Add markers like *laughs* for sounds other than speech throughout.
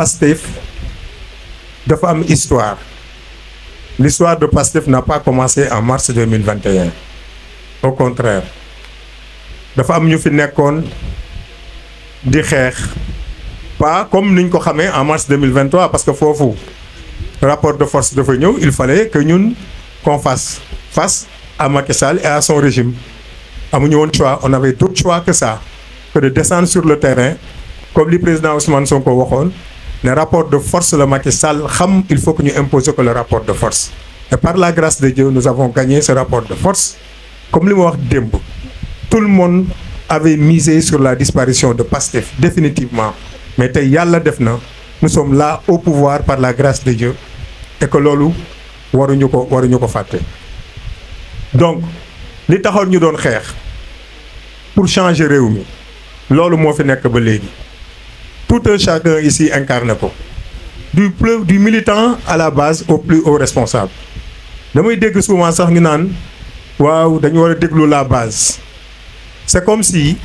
Pastef dafa am histoire l'histoire de Pastef n'a pas commencé en mars 2021 au contraire dafa am ñu fi nekkoon di xeex pas comme niñ ko xamee en mars 2023 parce que foofu rapport de force dafa ñëw il fallait que ñun qu'on fasse face à Macky Sall et à son régime amuñu woon choix on avait d'autre choix que ça que de descendre sur le terrain comme li président Ousmane Sonko waxoon ne rapport de force la Macky Sall xam il faut que ñu imposer ko le rapport de force et par la grâce de Dieu nous avons gagné ce rapport de force comme li ma wax démb tout le moom avait misé sur la disparition de Pastef définitivement mais tey yàlla def na nous sommes là au pouvoir par la grâce de Dieu et que loolu waruñu ko waruñu ko fàtte donc li taxoon ñu doon xeex pour changé réew mi loolu moo fi nekk ba léegi tout un chacun ici incarne ko du plus du militant à la base au plus haut responsable damay dégg souvent sax ñu naan waaw dañu war a déglu la base c'est comme si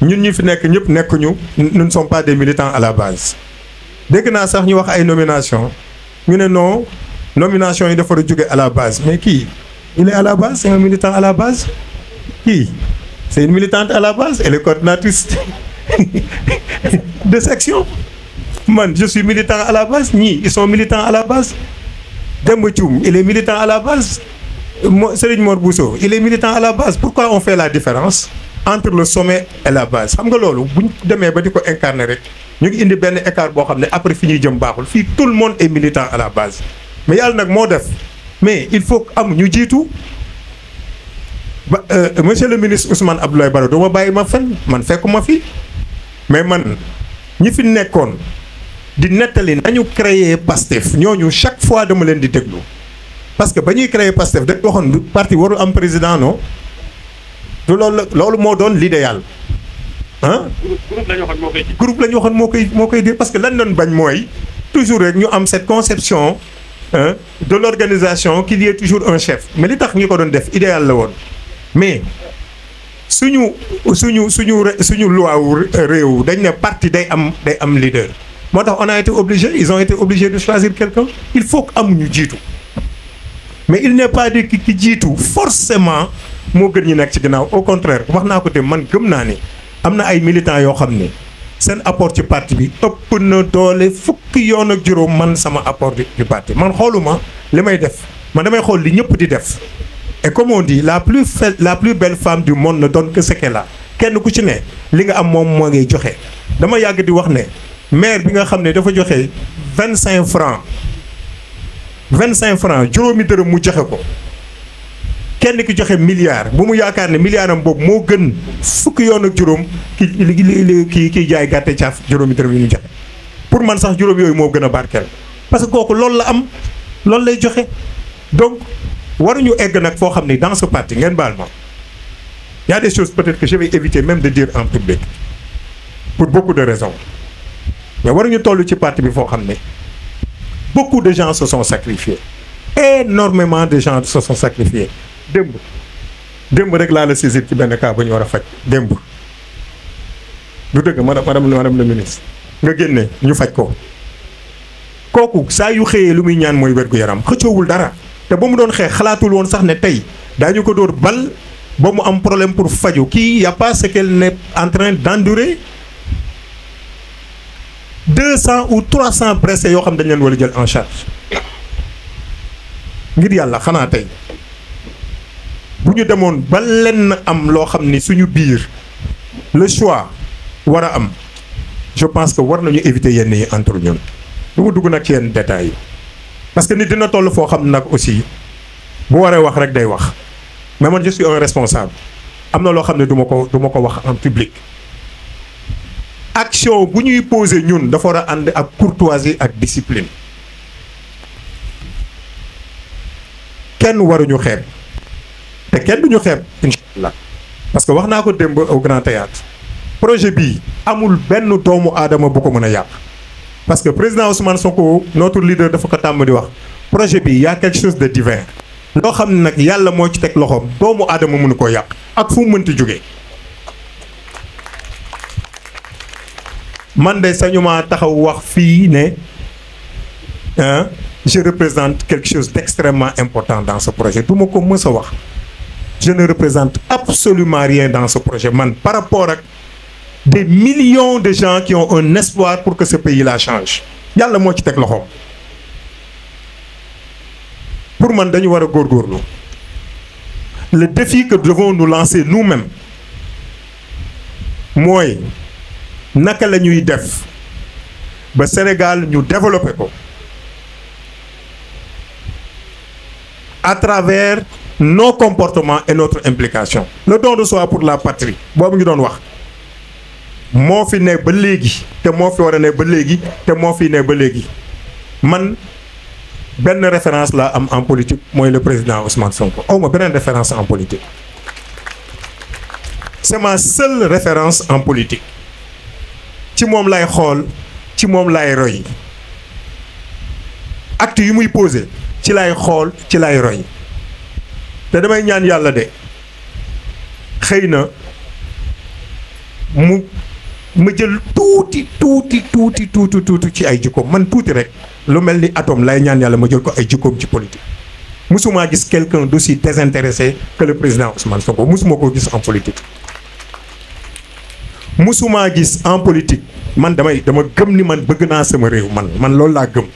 ñun ñu fi nekk ñëpp nekkuñu nous ne pas des militants à la base dégg naa sax ñu wax ay nomination ñu ne non nomination yi dafa war jóge à la base mais kii ñu est à la base c'est un militant à la base kii c'est une militante à la base elle est coordinatrice *laughs* de section man je suis militant à la base ñii ils sont à la base Demba Thioum il est militant à la base mo Serigne Mor Bousso il est militant à la base pourquoi on fait la différence entre le sommet e la base xam nga loolu bu ñu demee ba di ko incarner rek ñu ngi indi benn écart boo xam ne après fi ñuy jëm baaxul fii tout le monde est militant à la base mais yàlla nag moo def mais il faut am ñu jiitu ba euh, monsieur le ministre Ousmane Abdoulaye Baro doo ma bàyyi ma fen man fekk ma fi mais man ñi fi nekkoon di nettali nañu créer Pastef ñooñu chaque fois dama leen di déglu parce que ba ñuy créer Pastef dañ waxoon du parti warul am président non du loolu loolu moo doon l'idéal ah. groupe la ñu waxoon moo koy groupe la ñu waxoon moo koy moo koy di parce que lan doon bañ mooy toujours rek ñu am cette conception de l'organisation qu'il y ait toujours un chef mais li tax ñu ko doon def idéal la woon mais. suñu suñu suñu suñu loi wu euh, réew dañ ne parti day am day am leader moo tax on a été obligé ils ont été obligés de choisir quelqu'un il faut que ñu jiitu mais il n'est pas dit ki ki jiitu forcément moo gën ñu nekk ci ginnaaw au contraire wax naa ko te man gëm naa ni am na ay militants yoo xam ni seen apport ci parti bi ëpp na doole fukki yoon ak juróom man sama apport ci parti man xooluma li may def man damay xool li ñëpp di def et comme on la plus fe la plus belle femme du monde na doon que ce qu'elle kenn ku ci ne li nga am moom moo ngay joxe dama yàgg di wax ne maire bi nga xam ne dafa joxe vingt cinq francs vingt cinq franc juróomi dërëm mu joxe ko kenn ki joxe milliard bu mu yaakaar ne milliard am boobu moo gën fukki yoon ak juróom ki ki ki jaay gàtte caaf juróomi dërëm yi mu joxe pour man sax juróom yooyu moo gën a barkeel parce que kooku loolu la am loolu lay joxe donc waruñu egg nag foo xam ni dans ce parti ngeen baal ma y a des peut-être que je vais éviter même de dire en public pour beaucoup de raisons mais waruñu toll ci parti bi foo xam ne bokk de gens se sont sacrifiés énormément de gens se sont sacrifiés démb démb rek laa la saisir ci benn cas bu ñu war a faj démb du dëgg madame madame madame le ministre nga génne ñu faj ko kooku saa yu xëyee lu muy ñaan mooy wér yaram xëccoowul dara te ba mu doon xeex xalaatul woon sax ne tey daañu ko dóor bal ba mu am problème pour faju kii y a pas ce qu'elle n'est en train d'endurer deux cent ou trois cent blessés yoo xam dañ leen war a jël en ngir yàlla xanaa tey bu ñu demoon ba lenn am loo xam ni suñu biir le choix war a am je pense que war nañu éviter yenn yi entre ñun du dugg nag ci yenn détails yi parce que nit dina toll foo xam nag aussi bu waree wax rek day wax mais man je suis un responsable am na loo xam ne duma ko duma ko wax en public. action bu ñuy poser ñun dafa war a ànd ak courtoisie ak discipline kenn waruñu xeeb te kenn duñu xeeb incha allah parce que wax naa ko démb au grand théâtre projet bii amul benn doomu aadama bu ko mën a yàq. parce que président Ousmane Sonko notre leader dafa ko tàmm di wax projet bi y a quelque chose de divin loo xam ne nag yàlla moo ci teg loxoom doomu aadama mënu koo yàq ak fu mu mënti jógee. man de sañuma taxaw wax fii ne je représente quelque chose d'extrêmement important dans ce projet du ma ko mës a wax je ne représente absolument rien dans ce projet man par rapport ak. des millions de gens qui ont un espoir pour que ce pays-là change yàlla moo ci teg loxoom pour man dañu war a góorlu le défi que devons nous lancer nu même mooy naka la ñuy def ba Sénégal ñu développé ko à travers nos comportements et notre implication le don de pour la patrie boobu ñu doon wax moo fi ne ba léegi te moo fi war a ne ba léegi te moo fi ne ba léegi man benn référence la am en politique mooy le président Ousmane Sonko aw ma beneen référence en politique c'est ma seule référence en politique ci moom lay xool ci moom lay roy act yu muy posé ci lay xool ci lay roy te damay ñaan yàlla de xëy na mu ma jël tuuti tuuti tuuti tuuti tuuti ci ay jikkoom man tuuti rek lu mel ni atome lay ñaan yàlla ma jël ko ay jikkoom ci politique musuma gis quelqu'un d'aussi désintéressé que le président Ousmane Sonko musuma ko gis en politique musuma gis en politique man damay dama gëm ni man bëgg naa sama réew man man loolu laa gëm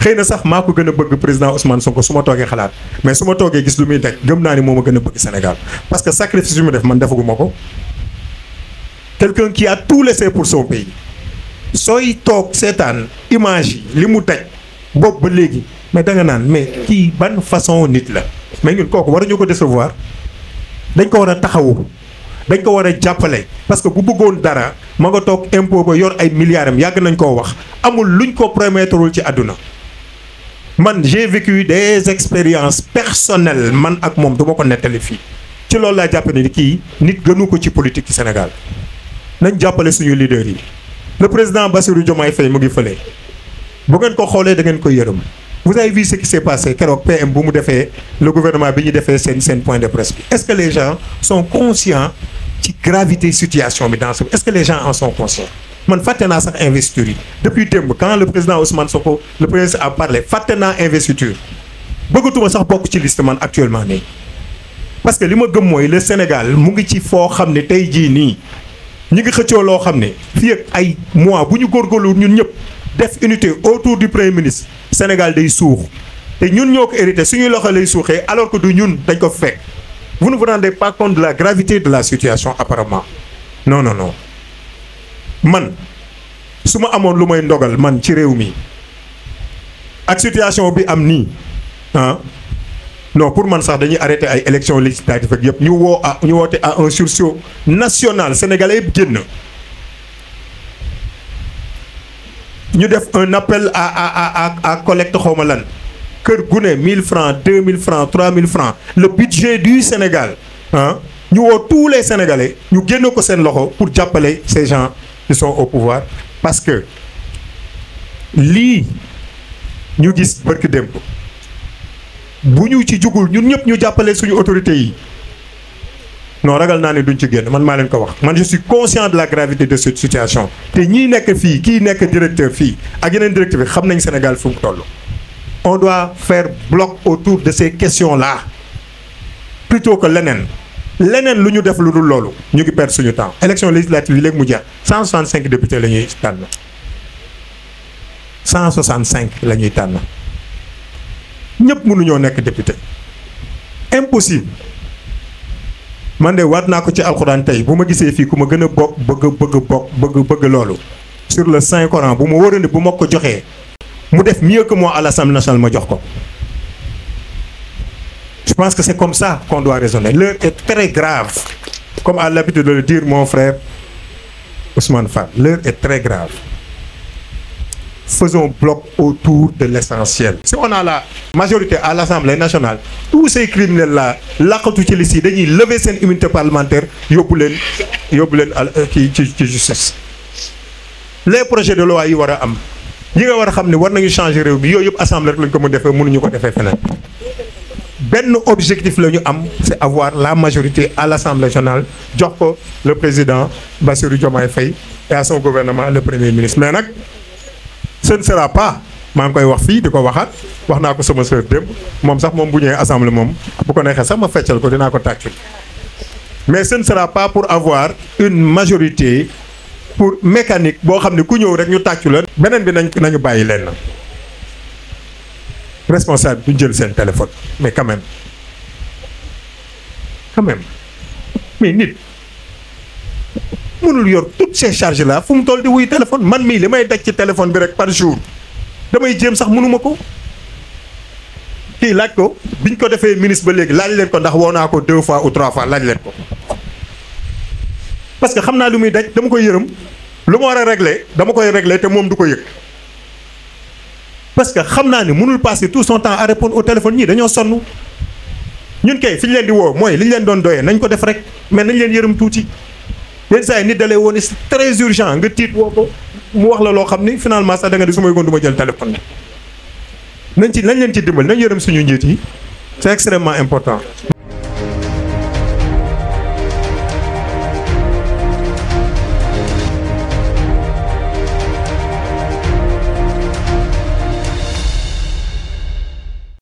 xëy na sax maa ko gën a bëgg président Ousmane Sonko su ma toogee xalaat mais suma ma gis lu muy daj gëm naa ni moo ma gën a bëgg Sénégal parce que sacrifice bi mu def man defaguma ko quelqu'un qui a tout laissé pour son pays sooy toog seetaan image yi li mu daj bopp ba léegi mais da naan mais kii ban façon nit la mais ñun kooku war waruñu ko décevoir dañ ko war a taxawu dañ ko war a jàppale parce que bu bëggoon dara ma nga toog impôt ba yor ay milliards am yàgg nañ koo wax amul luñ ko promettrewul ci àdduna man j'ai vécu des expériences personnelles man ak moom du ma ko nettali fii ci loolu laa jàpp ne kii nit gënu ko ci politique ci Sénégal nañ jàppale suñu leader yi le président Bassirou Diomaye Faye mu ngi fële bu ngeen ko xoolee da ngeen ko yërëm vous avez vu ce qui s'est passé keroog PM bu mu defee le gouvernement bi ñu defee seen seen point de presse bi est-ce que les gens sont conscients ci gravité situation bi dans ce est-ce que les gens en sont conscients man fàtte naa sax investiture yi depuis démb quand le président Ousmane Sonko le président a parlé fàtte naa investiture bëggatuma sax bokk ci liste man actuellement nii parce que li ma gëm mooy le Sénégal mu ngi ci foo xam ne tey jii nii ñi ngi xëccoo loo xam ne fii ak ay mois bu ñu góorgóorlu ñun ñëpp def unité autour du premier ministre Sénégal day suux te ñun ñoo ko hérité suñuy loxo lay suuxee alors que du ñun dañ ko fekk vous ne vous rendez pas compte de la gravité de la situation apparemment non non non man su ma amoon lu may ndogal man ci réew mi ak situation bi am nii ah, non pour man sax dañuy arrêté ay élections législatives ak yëpp ñu woo ah ñu woote à un sursaut national sénégalais yëpp génn. ñu def un appel à à à à collecte xaw ma lan kër gu ne 1000 francs 2000 francs 3000 francs le budget du Sénégal ah ñu woo tous les Sénégalais ñu génn ko seen loxo pour jàppale ces gens qui sont au pouvoir parce que lii ñu gis barki démb. bu ñu ci jugul ñun ñëpp ñu jàppale suñu autorités yi non ragal naa ne duñ ci génn man maa leen ko wax man je suis conscient de la gravité de cette situation te ñii nekk fii kii nekk directeur fii ak yeneen directeur bi xam nañ Sénégal fu mu toll on doit faire bloc autour de ces questions là plutôt ko leneen leneen lu ñu def lu dul loolu ñu ngi perdre suñu temps élection législative yi léegi mu jeex 165 députés la ñuy tànn 165 la ñuy tànn ñëpp mënuñoo nekk député impossible man de waat naa ko ci alxuraan tey bu ma gisee fii ku ma gën a bokk bëgg bëgg bokk bëgg bëgg loolu sur le saint coran bu ma wóoree ne bu ma ko joxee mu def mieux que moi à l'Assemblée nationale ma jox ko je pense que c'est comme ça qu'on doit raisonner l'heure est très grave comme à l'habitude de le dire mon frère Ousmane Fall l'heure est très grave faisons bloc autour de l'essentiel. Si on la majorité à l'Assemblée nationale, tous ces criminels-là, la ici, ils lever cette immunité parlementaire, euh, ils ci justice. Les projets de loi, a am. nga war a xam Ils war nañu changer réew bi yooyu yep assemblée lañ ko mëna défé mënuñu ko defee fenen benn objectif lañu am c'est avoir la majorité à l'Assemblée nationale jox ko le président Bassirou Diomaye Faye et à son gouvernement le premier ministre mais nak seen ne sera pas maa ngi koy wax fii di ko waxaat wax naa ko sama sœur démb moom sax moom bu ñëwee assemblée moom bu ko neexee sax ma feccal ko dinaa ko tàccul mais seen ne sera pas pour avoir une majorité pour mécanique boo xam ne ku ñëw rek ñu tàccu la beneen bi nañ nañu bàyyi leen na responsable du jël seen téléphone mais quand même mais nit mënul yor toutes ces charges là fu mu toll di wuy téléphone man mii li may daj ci téléphone bi rek par jour damay jéem sax mënuma ko kii laaj ko biñ ko defee ministre ba léegi laaj leen ko ndax woo naa ko deux fois ou trois fois laaj leen ko parce que xam naa li muy daj dama koy yërëm lu ma war a régler dama koy régler te moom du ko yëg parce que xam naa ni mënul passer tout son temps à répondre au téléphone ñii dañoo sonn ñun kay fi ñu leen di woo mooy li ñu leen doon doyee nañ ko def rek mais nañ leen yërëm yenn saa yi nit dalee woon c'est très nga tiit woo ko mu wax la loo xam ni finalement sax da nga di su may goon du ma jël téléphone bi nañ ci nañ leen ci dimbali nañ yërëm suñu njiit yi c'est extrêmement important